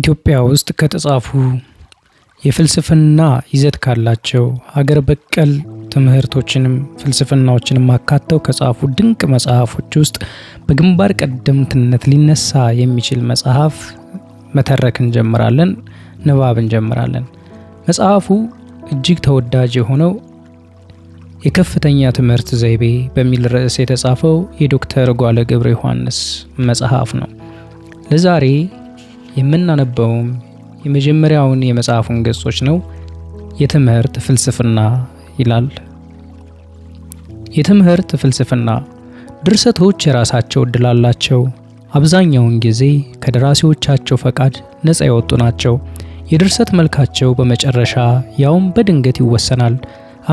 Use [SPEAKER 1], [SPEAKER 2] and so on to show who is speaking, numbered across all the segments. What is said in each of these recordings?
[SPEAKER 1] ኢትዮጵያ ውስጥ ከተጻፉ የፍልስፍና ይዘት ካላቸው ሀገር በቀል ትምህርቶችንም ፍልስፍናዎችንም አካተው ከጻፉ ድንቅ መጽሐፎች ውስጥ በግንባር ቀደምትነት ሊነሳ የሚችል መጽሐፍ መተረክ እንጀምራለን፣ ንባብ እንጀምራለን። መጽሐፉ እጅግ ተወዳጅ የሆነው የከፍተኛ ትምህርት ዘይቤ በሚል ርዕስ የተጻፈው የዶክተር ጓለ ገብረ ዮሐንስ መጽሐፍ ነው። ለዛሬ የምናነበውም የመጀመሪያውን የመጽሐፉን ገጾች ነው። የትምህርት ፍልስፍና ይላል። የትምህርት ፍልስፍና ድርሰቶች የራሳቸው እድል አላቸው። አብዛኛውን ጊዜ ከደራሲዎቻቸው ፈቃድ ነፃ የወጡ ናቸው። የድርሰት መልካቸው በመጨረሻ ያውም በድንገት ይወሰናል።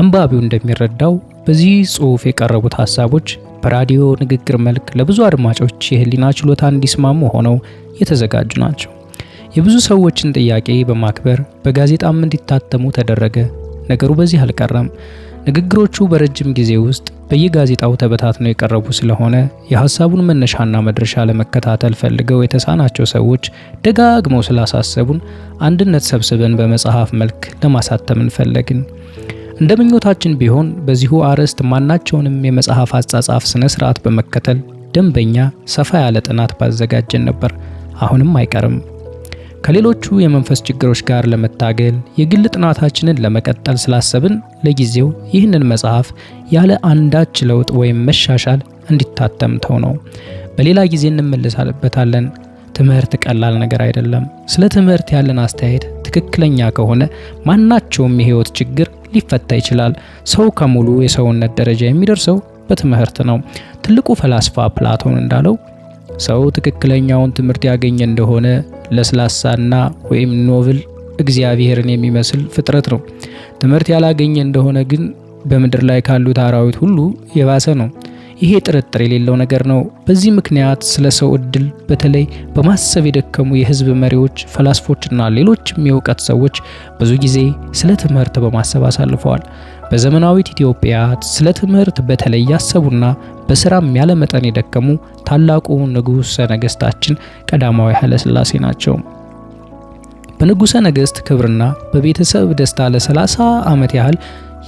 [SPEAKER 1] አንባቢው እንደሚረዳው በዚህ ጽሁፍ የቀረቡት ሀሳቦች በራዲዮ ንግግር መልክ ለብዙ አድማጮች የህሊና ችሎታ እንዲስማሙ ሆነው የተዘጋጁ ናቸው። የብዙ ሰዎችን ጥያቄ በማክበር በጋዜጣም እንዲታተሙ ተደረገ። ነገሩ በዚህ አልቀረም። ንግግሮቹ በረጅም ጊዜ ውስጥ በየጋዜጣው ተበታትነው የቀረቡ ስለሆነ የሀሳቡን መነሻና መድረሻ ለመከታተል ፈልገው የተሳናቸው ሰዎች ደጋግመው ስላሳሰቡን አንድነት ሰብስበን በመጽሐፍ መልክ ለማሳተም እንፈለግን። እንደ ምኞታችን ቢሆን በዚሁ አርዕስት ማናቸውንም የመጽሐፍ አጻጻፍ ስነ ስርዓት በመከተል ደንበኛ ሰፋ ያለ ጥናት ባዘጋጀን ነበር። አሁንም አይቀርም። ከሌሎቹ የመንፈስ ችግሮች ጋር ለመታገል የግል ጥናታችንን ለመቀጠል ስላሰብን ለጊዜው ይህንን መጽሐፍ ያለ አንዳች ለውጥ ወይም መሻሻል እንዲታተምተው ነው። በሌላ ጊዜ እንመለሳበታለን። ትምህርት ቀላል ነገር አይደለም። ስለ ትምህርት ያለን አስተያየት ትክክለኛ ከሆነ ማናቸውም የህይወት ችግር ሊፈታ ይችላል። ሰው ከሙሉ የሰውነት ደረጃ የሚደርሰው በትምህርት ነው። ትልቁ ፈላስፋ ፕላቶን እንዳለው ሰው ትክክለኛውን ትምህርት ያገኘ እንደሆነ ለስላሳና ወይም ኖብል እግዚአብሔርን የሚመስል ፍጥረት ነው። ትምህርት ያላገኘ እንደሆነ ግን በምድር ላይ ካሉት አራዊት ሁሉ የባሰ ነው። ይሄ ጥርጥር የሌለው ነገር ነው። በዚህ ምክንያት ስለ ሰው እድል በተለይ በማሰብ የደከሙ የህዝብ መሪዎች፣ ፈላስፎችና ሌሎችም የእውቀት ሰዎች ብዙ ጊዜ ስለ ትምህርት በማሰብ አሳልፈዋል። በዘመናዊት ኢትዮጵያ ስለ ትምህርት በተለይ ያሰቡና በስራም ያለ መጠን የደከሙ ታላቁ ንጉሠ ነገሥታችን ቀዳማዊ ኃይለ ሥላሴ ናቸው። በንጉሠ ነገሥት ክብርና በቤተሰብ ደስታ ለ30 ዓመት ያህል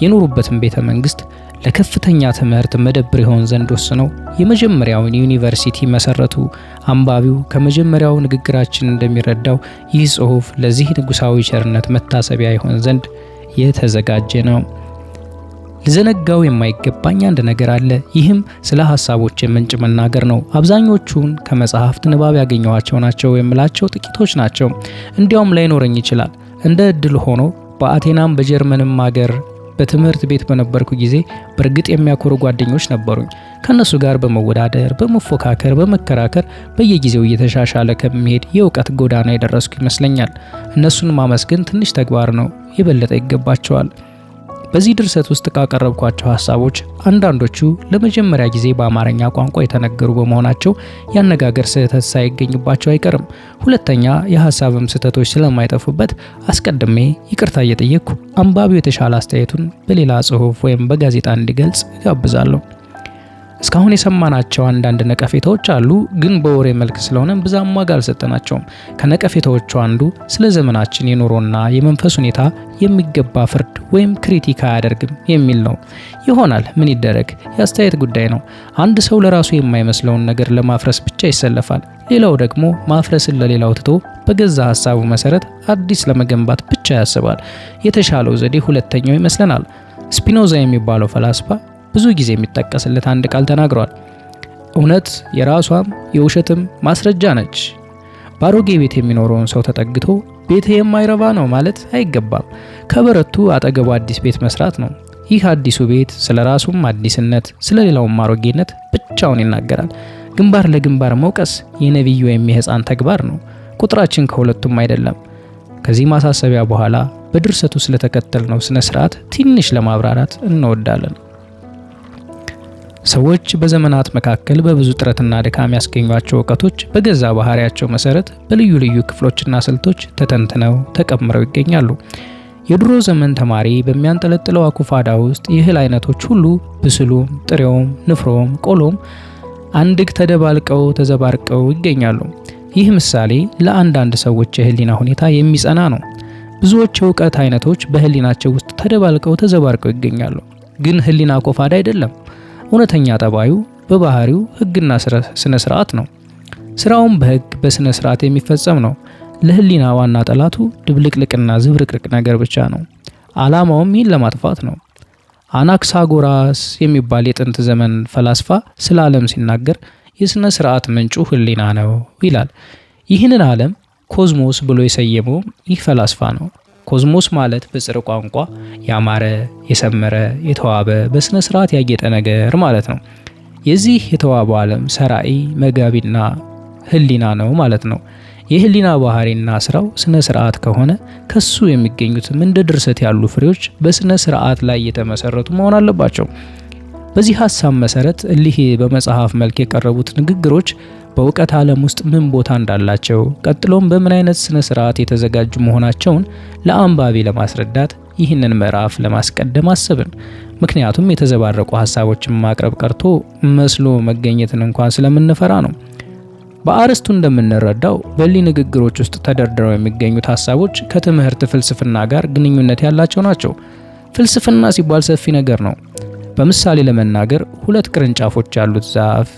[SPEAKER 1] የኖሩበትን ቤተ መንግስት ለከፍተኛ ትምህርት መደብር ይሆን ዘንድ ወስነው የመጀመሪያውን ዩኒቨርሲቲ መሰረቱ። አንባቢው ከመጀመሪያው ንግግራችን እንደሚረዳው ይህ ጽሑፍ ለዚህ ንጉሳዊ ቸርነት መታሰቢያ ይሆን ዘንድ የተዘጋጀ ነው። ልዘነጋው የማይገባኝ አንድ ነገር አለ። ይህም ስለ ሀሳቦች ምንጭ መናገር ነው። አብዛኞቹን ከመጽሐፍት ንባብ ያገኘኋቸው ናቸው የምላቸው ጥቂቶች ናቸው። እንዲያውም ላይኖረኝ ይችላል። እንደ እድል ሆኖ በአቴናም በጀርመንም ሀገር። በትምህርት ቤት በነበርኩ ጊዜ በእርግጥ የሚያኮሩ ጓደኞች ነበሩኝ። ከእነሱ ጋር በመወዳደር በመፎካከር፣ በመከራከር በየጊዜው እየተሻሻለ ከሚሄድ የእውቀት ጎዳና የደረስኩ ይመስለኛል። እነሱን ማመስገን ትንሽ ተግባር ነው፣ የበለጠ ይገባቸዋል። በዚህ ድርሰት ውስጥ ካቀረብኳቸው ሀሳቦች አንዳንዶቹ ለመጀመሪያ ጊዜ በአማርኛ ቋንቋ የተነገሩ በመሆናቸው ያነጋገር ስህተት ሳይገኝባቸው አይቀርም። ሁለተኛ የሀሳብም ስህተቶች ስለማይጠፉበት አስቀድሜ ይቅርታ እየጠየቅኩ አንባቢው የተሻለ አስተያየቱን በሌላ ጽሑፍ ወይም በጋዜጣ እንዲገልጽ ጋብዛለሁ። እስካሁን የሰማናቸው አንዳንድ ነቀፌታዎች አሉ፣ ግን በወሬ መልክ ስለሆነ ብዛም ዋጋ አልሰጠናቸውም። ከነቀፌታዎቹ አንዱ ስለ ዘመናችን የኑሮና የመንፈስ ሁኔታ የሚገባ ፍርድ ወይም ክሪቲክ አያደርግም የሚል ነው። ይሆናል ምን ይደረግ፣ የአስተያየት ጉዳይ ነው። አንድ ሰው ለራሱ የማይመስለውን ነገር ለማፍረስ ብቻ ይሰለፋል። ሌላው ደግሞ ማፍረስን ለሌላው ትቶ በገዛ ሀሳቡ መሰረት አዲስ ለመገንባት ብቻ ያስባል። የተሻለው ዘዴ ሁለተኛው ይመስለናል። ስፒኖዛ የሚባለው ፈላስፋ ብዙ ጊዜ የሚጠቀስለት አንድ ቃል ተናግሯል። እውነት የራሷም የውሸትም ማስረጃ ነች። ባሮጌ ቤት የሚኖረውን ሰው ተጠግቶ ቤት የማይረባ ነው ማለት አይገባም። ከበረቱ አጠገቡ አዲስ ቤት መስራት ነው። ይህ አዲሱ ቤት ስለ ራሱም አዲስነት ስለ ሌላውም አሮጌነት ብቻውን ይናገራል። ግንባር ለግንባር መውቀስ የነቢይ ወይም የሕፃን ተግባር ነው። ቁጥራችን ከሁለቱም አይደለም። ከዚህ ማሳሰቢያ በኋላ በድርሰቱ ስለተከተልነው ስነ ስርዓት ትንሽ ለማብራራት እንወዳለን። ሰዎች በዘመናት መካከል በብዙ ጥረትና ድካም ያስገኟቸው እውቀቶች በገዛ ባህሪያቸው መሰረት በልዩ ልዩ ክፍሎችና ስልቶች ተተንትነው ተቀምረው ይገኛሉ። የድሮ ዘመን ተማሪ በሚያንጠለጥለው አኩፋዳ ውስጥ የእህል አይነቶች ሁሉ ብስሉም፣ ጥሬውም፣ ንፍሮም፣ ቆሎም አንድግ ተደባልቀው ተዘባርቀው ይገኛሉ። ይህ ምሳሌ ለአንዳንድ ሰዎች የህሊና ሁኔታ የሚጸና ነው። ብዙዎች የእውቀት አይነቶች በህሊናቸው ውስጥ ተደባልቀው ተዘባርቀው ይገኛሉ። ግን ህሊና አኮፋዳ አይደለም። እውነተኛ ጠባዩ በባህሪው ህግና ስነ ስርዓት ነው። ስራውም በህግ በስነ ስርዓት የሚፈጸም ነው። ለህሊና ዋና ጠላቱ ድብልቅልቅና ዝብርቅርቅ ነገር ብቻ ነው። አላማውም ይህን ለማጥፋት ነው። አናክሳጎራስ የሚባል የጥንት ዘመን ፈላስፋ ስለ ዓለም ሲናገር የስነ ስርዓት ምንጩ ህሊና ነው ይላል። ይህንን ዓለም ኮዝሞስ ብሎ የሰየመው ይህ ፈላስፋ ነው። ኮዝሞስ ማለት በጽር ቋንቋ ያማረ፣ የሰመረ፣ የተዋበ በስነ ስርዓት ያጌጠ ነገር ማለት ነው። የዚህ የተዋበው ዓለም ሰራኢ መጋቢና ህሊና ነው ማለት ነው። የህሊና ባህሪና ስራው ስነ ስርዓት ከሆነ ከሱ የሚገኙትም እንደ ድርሰት ያሉ ፍሬዎች በስነ ስርዓት ላይ የተመሰረቱ መሆን አለባቸው። በዚህ ሀሳብ መሰረት እሊህ በመጽሐፍ መልክ የቀረቡት ንግግሮች በእውቀት ዓለም ውስጥ ምን ቦታ እንዳላቸው ቀጥሎም በምን አይነት ስነ ስርዓት የተዘጋጁ መሆናቸውን ለአንባቢ ለማስረዳት ይህንን ምዕራፍ ለማስቀደም አስብን። ምክንያቱም የተዘባረቁ ሀሳቦችን ማቅረብ ቀርቶ መስሎ መገኘትን እንኳን ስለምንፈራ ነው። በአርስቱ እንደምንረዳው በሊ ንግግሮች ውስጥ ተደርድረው የሚገኙት ሀሳቦች ከትምህርት ፍልስፍና ጋር ግንኙነት ያላቸው ናቸው። ፍልስፍና ሲባል ሰፊ ነገር ነው። በምሳሌ ለመናገር ሁለት ቅርንጫፎች ያሉት ዛፍ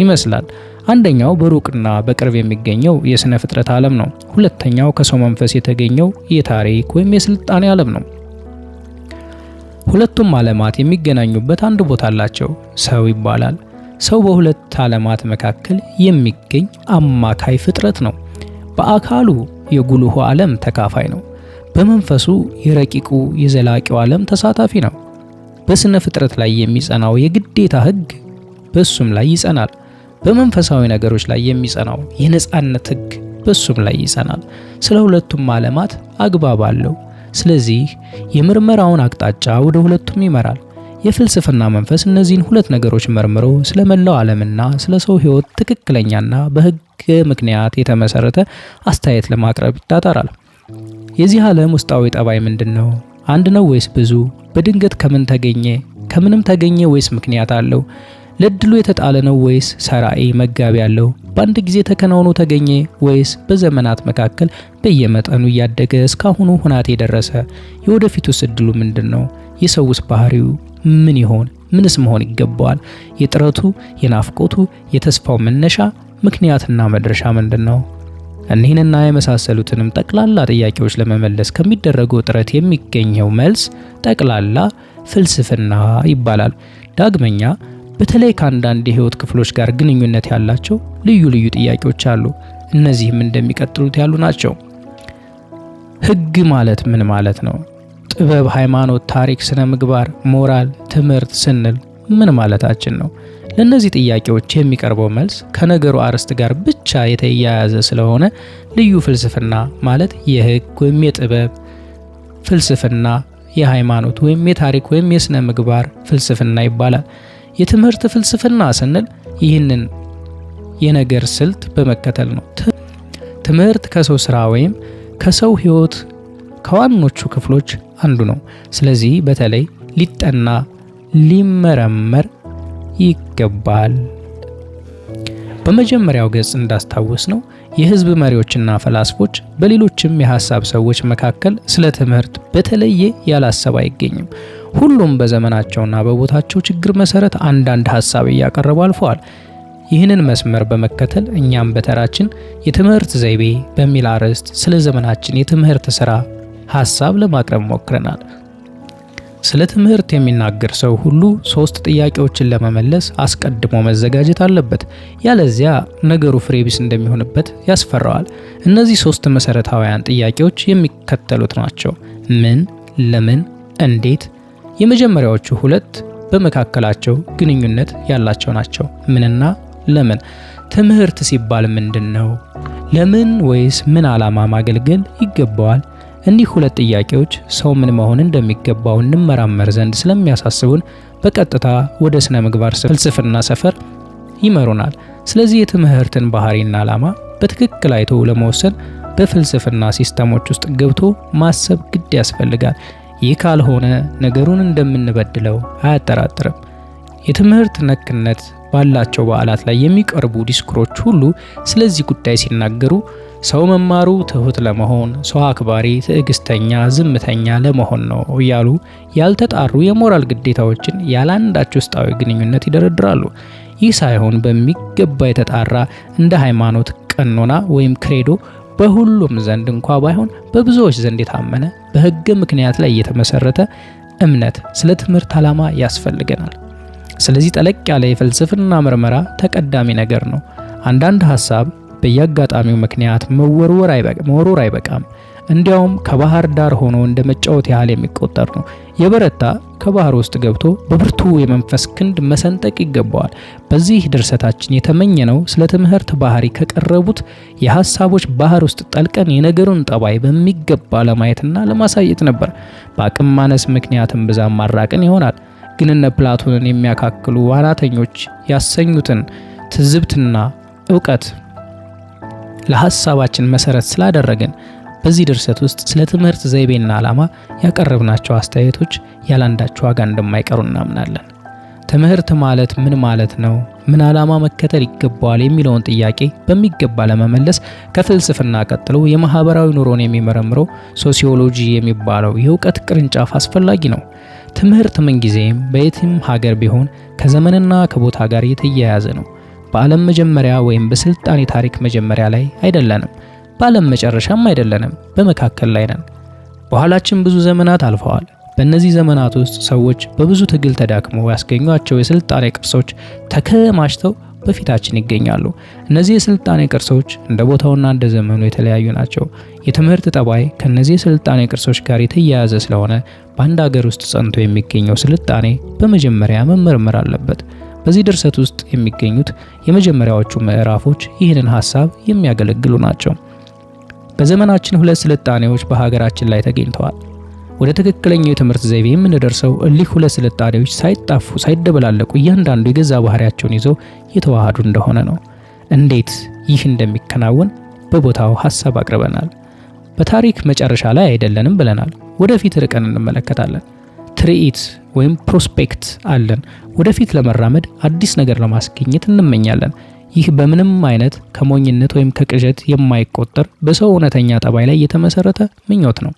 [SPEAKER 1] ይመስላል። አንደኛው በሩቅና በቅርብ የሚገኘው የሥነ ፍጥረት ዓለም ነው። ሁለተኛው ከሰው መንፈስ የተገኘው የታሪክ ወይም የስልጣኔ ዓለም ነው። ሁለቱም ዓለማት የሚገናኙበት አንድ ቦታ አላቸው፣ ሰው ይባላል። ሰው በሁለት ዓለማት መካከል የሚገኝ አማካይ ፍጥረት ነው። በአካሉ የጉልሁ ዓለም ተካፋይ ነው። በመንፈሱ የረቂቁ የዘላቂው ዓለም ተሳታፊ ነው። በስነ ፍጥረት ላይ የሚጸናው የግዴታ ህግ በሱም ላይ ይጸናል። በመንፈሳዊ ነገሮች ላይ የሚጸናው የነጻነት ህግ በሱም ላይ ይጸናል። ስለ ሁለቱም ዓለማት አግባብ አለው። ስለዚህ የምርመራውን አቅጣጫ ወደ ሁለቱም ይመራል። የፍልስፍና መንፈስ እነዚህን ሁለት ነገሮች መርምሮ ስለ መላው ዓለምና ስለ ሰው ህይወት ትክክለኛና በህግ ምክንያት የተመሰረተ አስተያየት ለማቅረብ ይጣጣራል። የዚህ ዓለም ውስጣዊ ጠባይ ምንድን ነው? አንድ ነው ወይስ ብዙ? በድንገት ከምን ተገኘ? ከምንም ተገኘ ወይስ ምክንያት አለው? ለእድሉ የተጣለ ነው ወይስ ሰራኤ መጋቢ አለው? በአንድ ጊዜ ተከናውኖ ተገኘ ወይስ በዘመናት መካከል በየመጠኑ እያደገ እስካሁኑ ሁናቴ የደረሰ? የወደፊቱስ እድሉ ምንድን ነው? የሰውስ ባህሪው ምን ይሆን? ምንስ መሆን ይገባዋል? የጥረቱ የናፍቆቱ የተስፋው መነሻ ምክንያትና መድረሻ ምንድን ነው? እኒህንና የመሳሰሉትንም ጠቅላላ ጥያቄዎች ለመመለስ ከሚደረገው ጥረት የሚገኘው መልስ ጠቅላላ ፍልስፍና ይባላል። ዳግመኛ በተለይ ከአንዳንድ የህይወት ክፍሎች ጋር ግንኙነት ያላቸው ልዩ ልዩ ጥያቄዎች አሉ። እነዚህም እንደሚቀጥሉት ያሉ ናቸው። ህግ ማለት ምን ማለት ነው? ጥበብ፣ ሃይማኖት፣ ታሪክ፣ ስነ ምግባር፣ ሞራል፣ ትምህርት ስንል ምን ማለታችን ነው? ለእነዚህ ጥያቄዎች የሚቀርበው መልስ ከነገሩ አርዕስት ጋር ብቻ የተያያዘ ስለሆነ ልዩ ፍልስፍና ማለት የህግ ወይም የጥበብ ፍልስፍና፣ የሃይማኖት ወይም የታሪክ ወይም የሥነ ምግባር ፍልስፍና ይባላል። የትምህርት ፍልስፍና ስንል ይህንን የነገር ስልት በመከተል ነው። ትምህርት ከሰው ስራ ወይም ከሰው ህይወት ከዋኖቹ ክፍሎች አንዱ ነው። ስለዚህ በተለይ ሊጠና ሊመረመር ይገባል። በመጀመሪያው ገጽ እንዳስታወስ ነው የህዝብ መሪዎችና ፈላስፎች በሌሎችም የሀሳብ ሰዎች መካከል ስለ ትምህርት በተለየ ያላሰብ አይገኝም። ሁሉም በዘመናቸውና በቦታቸው ችግር መሰረት አንዳንድ ሀሳብ እያቀረቡ አልፈዋል። ይህንን መስመር በመከተል እኛም በተራችን የትምህርት ዘይቤ በሚል አርዕስት ስለ ዘመናችን የትምህርት ስራ ሀሳብ ለማቅረብ ሞክረናል። ስለ ትምህርት የሚናገር ሰው ሁሉ ሶስት ጥያቄዎችን ለመመለስ አስቀድሞ መዘጋጀት አለበት። ያለዚያ ነገሩ ፍሬቢስ እንደሚሆንበት ያስፈራዋል። እነዚህ ሶስት መሰረታዊያን ጥያቄዎች የሚከተሉት ናቸው። ምን፣ ለምን፣ እንዴት። የመጀመሪያዎቹ ሁለት በመካከላቸው ግንኙነት ያላቸው ናቸው። ምንና ለምን። ትምህርት ሲባል ምንድን ነው? ለምን ወይስ ምን ዓላማ ማገልገል ይገባዋል? እንዲህ ሁለት ጥያቄዎች ሰው ምን መሆን እንደሚገባው እንመራመር ዘንድ ስለሚያሳስቡን በቀጥታ ወደ ስነ ምግባር ፍልስፍና ሰፈር ይመሩናል። ስለዚህ የትምህርትን ባህሪና ዓላማ በትክክል አይቶ ለመወሰን በፍልስፍና ሲስተሞች ውስጥ ገብቶ ማሰብ ግድ ያስፈልጋል። ይህ ካልሆነ ነገሩን እንደምንበድለው አያጠራጥርም። የትምህርት ነክነት ባላቸው በዓላት ላይ የሚቀርቡ ዲስኩሮች ሁሉ ስለዚህ ጉዳይ ሲናገሩ ሰው መማሩ ትሁት ለመሆን፣ ሰው አክባሪ፣ ትዕግስተኛ፣ ዝምተኛ ለመሆን ነው እያሉ ያልተጣሩ የሞራል ግዴታዎችን ያለአንዳች ውስጣዊ ግንኙነት ይደረድራሉ። ይህ ሳይሆን በሚገባ የተጣራ እንደ ሃይማኖት ቀኖና ወይም ክሬዶ በሁሉም ዘንድ እንኳ ባይሆን በብዙዎች ዘንድ የታመነ በህገ ምክንያት ላይ የተመሰረተ እምነት ስለ ትምህርት ዓላማ ያስፈልገናል። ስለዚህ ጠለቅ ያለ የፍልስፍና ምርመራ ተቀዳሚ ነገር ነው። አንዳንድ ሀሳብ በየአጋጣሚው ምክንያት መወርወር መወርወር አይበቃም። እንዲያውም ከባህር ዳር ሆኖ እንደ መጫወት ያህል የሚቆጠር ነው። የበረታ ከባህር ውስጥ ገብቶ በብርቱ የመንፈስ ክንድ መሰንጠቅ ይገባዋል። በዚህ ድርሰታችን የተመኘነው ስለ ትምህርት ባህሪ ከቀረቡት የሀሳቦች ባህር ውስጥ ጠልቀን የነገሩን ጠባይ በሚገባ ለማየትና ለማሳየት ነበር። በአቅም ማነስ ምክንያትም ብዛም ማራቅን ይሆናል። ግን እነ ፕላቶንን የሚያካክሉ ዋናተኞች ያሰኙትን ትዝብትና እውቀት ለሐሳባችን መሰረት ስላደረገን በዚህ ድርሰት ውስጥ ስለ ትምህርት ዘይቤና ዓላማ ያቀረብናቸው አስተያየቶች ያላንዳቸው ዋጋ እንደማይቀሩ እናምናለን። ትምህርት ማለት ምን ማለት ነው? ምን ዓላማ መከተል ይገባዋል? የሚለውን ጥያቄ በሚገባ ለመመለስ ከፍልስፍና ቀጥሎ የማህበራዊ ኑሮን የሚመረምረው ሶሲዮሎጂ የሚባለው የእውቀት ቅርንጫፍ አስፈላጊ ነው። ትምህርት ምንጊዜም በየትም ሀገር ቢሆን ከዘመንና ከቦታ ጋር የተያያዘ ነው። በዓለም መጀመሪያ ወይም በስልጣኔ ታሪክ መጀመሪያ ላይ አይደለንም፣ በዓለም መጨረሻም አይደለንም፣ በመካከል ላይ ነን። በኋላችን ብዙ ዘመናት አልፈዋል። በእነዚህ ዘመናት ውስጥ ሰዎች በብዙ ትግል ተዳክመው ያስገኟቸው የስልጣኔ ቅርሶች ተከማችተው በፊታችን ይገኛሉ። እነዚህ የስልጣኔ ቅርሶች እንደ ቦታውና እንደ ዘመኑ የተለያዩ ናቸው። የትምህርት ጠባይ ከእነዚህ የስልጣኔ ቅርሶች ጋር የተያያዘ ስለሆነ በአንድ ሀገር ውስጥ ጸንቶ የሚገኘው ስልጣኔ በመጀመሪያ መመርመር አለበት። በዚህ ድርሰት ውስጥ የሚገኙት የመጀመሪያዎቹ ምዕራፎች ይህንን ሀሳብ የሚያገለግሉ ናቸው። በዘመናችን ሁለት ስልጣኔዎች በሀገራችን ላይ ተገኝተዋል። ወደ ትክክለኛው የትምህርት ዘይቤ የምንደርሰው እሊህ ሁለት ስልጣኔዎች ሳይጣፉ ሳይደበላለቁ እያንዳንዱ የገዛ ባህሪያቸውን ይዘው የተዋሃዱ እንደሆነ ነው። እንዴት ይህ እንደሚከናወን በቦታው ሀሳብ አቅርበናል። በታሪክ መጨረሻ ላይ አይደለንም ብለናል። ወደፊት ርቀን እንመለከታለን። ትርኢት ወይም ፕሮስፔክት አለን። ወደፊት ለመራመድ አዲስ ነገር ለማስገኘት እንመኛለን። ይህ በምንም አይነት ከሞኝነት ወይም ከቅዠት የማይቆጠር በሰው እውነተኛ ጠባይ ላይ የተመሰረተ ምኞት ነው።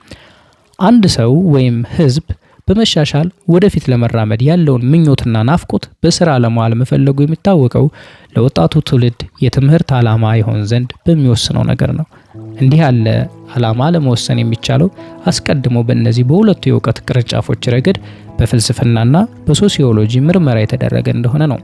[SPEAKER 1] አንድ ሰው ወይም ህዝብ በመሻሻል ወደፊት ለመራመድ ያለውን ምኞትና ናፍቆት በስራ ለመዋል መፈለጉ የሚታወቀው ለወጣቱ ትውልድ የትምህርት ዓላማ ይሆን ዘንድ በሚወስነው ነገር ነው። እንዲህ ያለ ዓላማ ለመወሰን የሚቻለው አስቀድሞ በእነዚህ በሁለቱ የእውቀት ቅርንጫፎች ረገድ በፍልስፍናና በሶሲዮሎጂ ምርመራ የተደረገ እንደሆነ ነው።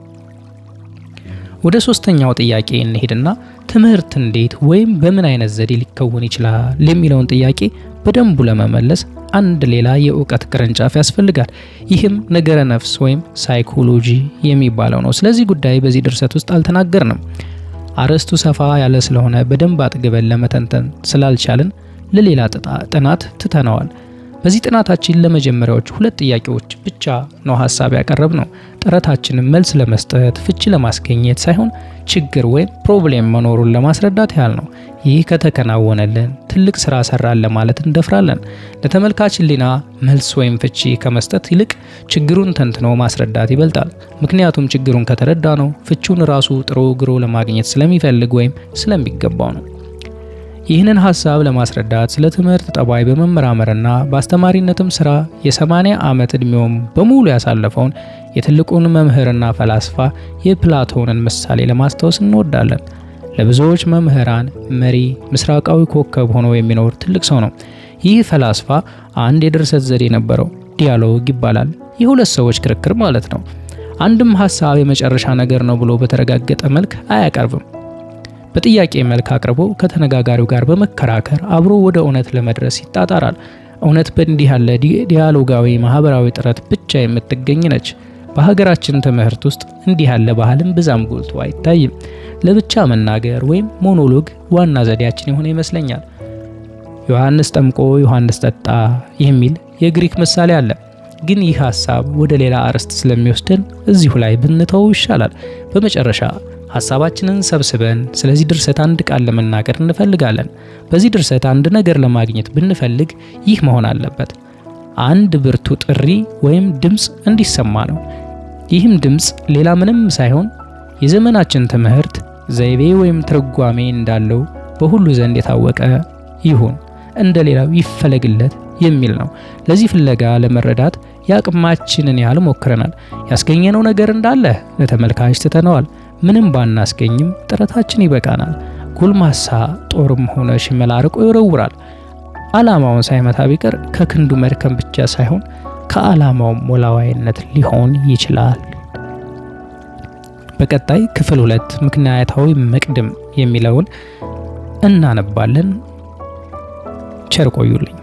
[SPEAKER 1] ወደ ሶስተኛው ጥያቄ እንሄድና ትምህርት እንዴት ወይም በምን አይነት ዘዴ ሊከወን ይችላል የሚለውን ጥያቄ በደንቡ ለመመለስ አንድ ሌላ የእውቀት ቅርንጫፍ ያስፈልጋል። ይህም ነገረ ነፍስ ወይም ሳይኮሎጂ የሚባለው ነው። ስለዚህ ጉዳይ በዚህ ድርሰት ውስጥ አልተናገርንም። አርዕስቱ ሰፋ ያለ ስለሆነ በደንብ አጥግበን ለመተንተን ስላልቻልን ለሌላ ጥናት ትተነዋል። በዚህ ጥናታችን ለመጀመሪያዎች ሁለት ጥያቄዎች ብቻ ነው ሀሳብ ያቀረብ ነው። ጥረታችንን መልስ ለመስጠት ፍቺ ለማስገኘት ሳይሆን ችግር ወይም ፕሮብሌም መኖሩን ለማስረዳት ያህል ነው። ይህ ከተከናወነልን ትልቅ ስራ ሰራን ለማለት እንደፍራለን። ለተመልካች ሊና መልስ ወይም ፍቺ ከመስጠት ይልቅ ችግሩን ተንትኖ ማስረዳት ይበልጣል። ምክንያቱም ችግሩን ከተረዳ ነው ፍቺውን ራሱ ጥሩ ግሮ ለማግኘት ስለሚፈልግ ወይም ስለሚገባው ነው። ይህንን ሀሳብ ለማስረዳት ስለ ትምህርት ጠባይ በመመራመርና በአስተማሪነትም ስራ የ80 ዓመት ዕድሜውን በሙሉ ያሳለፈውን የትልቁን መምህርና ፈላስፋ የፕላቶንን ምሳሌ ለማስታወስ እንወዳለን። ለብዙዎች መምህራን መሪ፣ ምስራቃዊ ኮከብ ሆኖ የሚኖር ትልቅ ሰው ነው። ይህ ፈላስፋ አንድ የድርሰት ዘዴ ነበረው፣ ዲያሎግ ይባላል። የሁለት ሰዎች ክርክር ማለት ነው። አንድም ሀሳብ የመጨረሻ ነገር ነው ብሎ በተረጋገጠ መልክ አያቀርብም። በጥያቄ መልክ አቅርቦ ከተነጋጋሪው ጋር በመከራከር አብሮ ወደ እውነት ለመድረስ ይጣጣራል። እውነት በእንዲህ ያለ ዲያሎጋዊ ማህበራዊ ጥረት ብቻ የምትገኝ ነች። በሀገራችን ትምህርት ውስጥ እንዲህ ያለ ባህልም ብዛም ጎልቶ አይታይም። ለብቻ መናገር ወይም ሞኖሎግ ዋና ዘዴያችን የሆነ ይመስለኛል። ዮሐንስ ጠምቆ ዮሐንስ ጠጣ የሚል የግሪክ ምሳሌ አለ። ግን ይህ ሀሳብ ወደ ሌላ አርዕስት ስለሚወስደን እዚሁ ላይ ብንተው ይሻላል። በመጨረሻ ሀሳባችንን ሰብስበን ስለዚህ ድርሰት አንድ ቃል ለመናገር እንፈልጋለን። በዚህ ድርሰት አንድ ነገር ለማግኘት ብንፈልግ ይህ መሆን አለበት። አንድ ብርቱ ጥሪ ወይም ድምፅ እንዲሰማ ነው። ይህም ድምፅ ሌላ ምንም ሳይሆን የዘመናችን ትምህርት ዘይቤ ወይም ትርጓሜ እንዳለው በሁሉ ዘንድ የታወቀ ይሁን እንደ ሌላው ይፈለግለት የሚል ነው። ለዚህ ፍለጋ ለመረዳት የአቅማችንን ያህል ሞክረናል። ያስገኘነው ነገር እንዳለ ለተመልካች ትተነዋል። ምንም ባናስገኝም ጥረታችን ይበቃናል። ጎልማሳ ጦርም ሆነ ሽመላ ርቆ ይወረውራል። ዓላማውን ሳይመታ ቢቀር ከክንዱ መድከም ብቻ ሳይሆን ከዓላማውም ሞላዋይነት ሊሆን ይችላል። በቀጣይ ክፍል ሁለት ምክንያታዊ መቅድም የሚለውን እናነባለን። ቸር ቆዩልኝ።